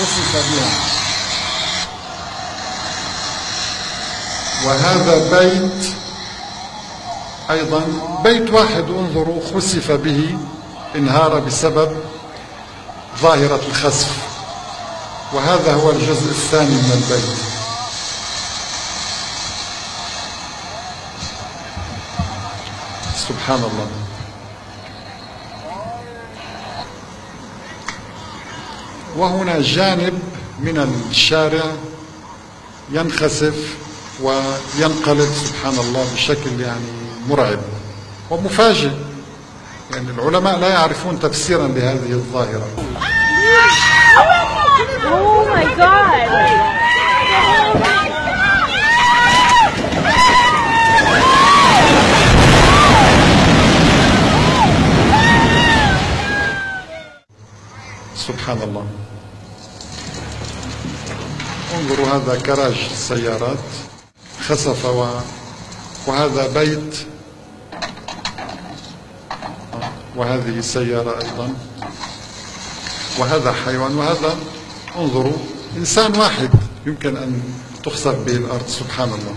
خصص بها وهذا بيت أيضا بيت واحد انظروا خسف به انهار بسبب ظاهرة الخسف وهذا هو الجزء الثاني من البيت سبحان الله وهنا جانب من الشارع ينخسف وينقلب سبحان الله بشكل يعني مرعب ومفاجئ يعني العلماء لا يعرفون تفسيرا لهذه الظاهرة سبحان الله انظروا هذا كراج السيارات خسف و... وهذا بيت وهذه سيارة أيضا وهذا حيوان وهذا انظروا إنسان واحد يمكن أن تخسف به الأرض سبحان الله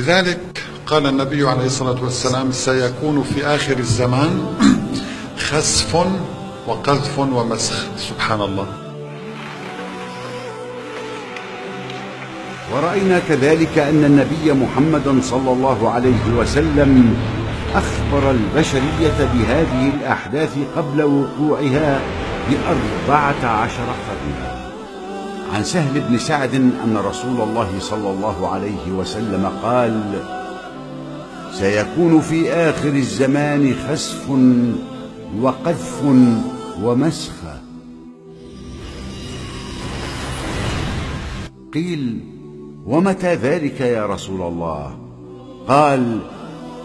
لذلك قال النبي عليه الصلاة والسلام سيكون في آخر الزمان خسف وقذف ومسخ سبحان الله ورأينا كذلك أن النبي محمد صلى الله عليه وسلم أخبر البشرية بهذه الأحداث قبل وقوعها بأربعة عشر قرنا عن سهل بن سعد أن رسول الله صلى الله عليه وسلم قال سيكون في آخر الزمان خسف وقذف ومسخة قيل ومتى ذلك يا رسول الله قال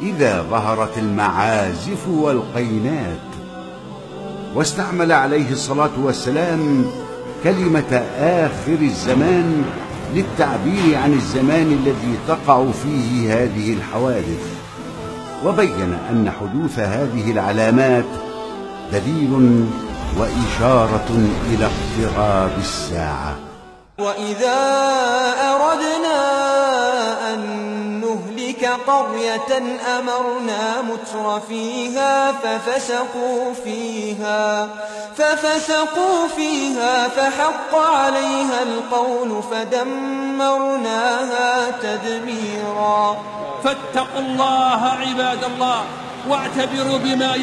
إذا ظهرت المعازف والقينات واستعمل عليه الصلاة والسلام كلمة آخر الزمان للتعبير عن الزمان الذي تقع فيه هذه الحوادث وبين أن حدوث هذه العلامات دليل وإشارة إلى اقتراب الساعة وإذا قرية أمرنا متر فيها ففسقوا فيها ففسقوا فيها فحق عليها القول فدمرناها تدميرا فاتقوا الله عباد الله واعتبروا بما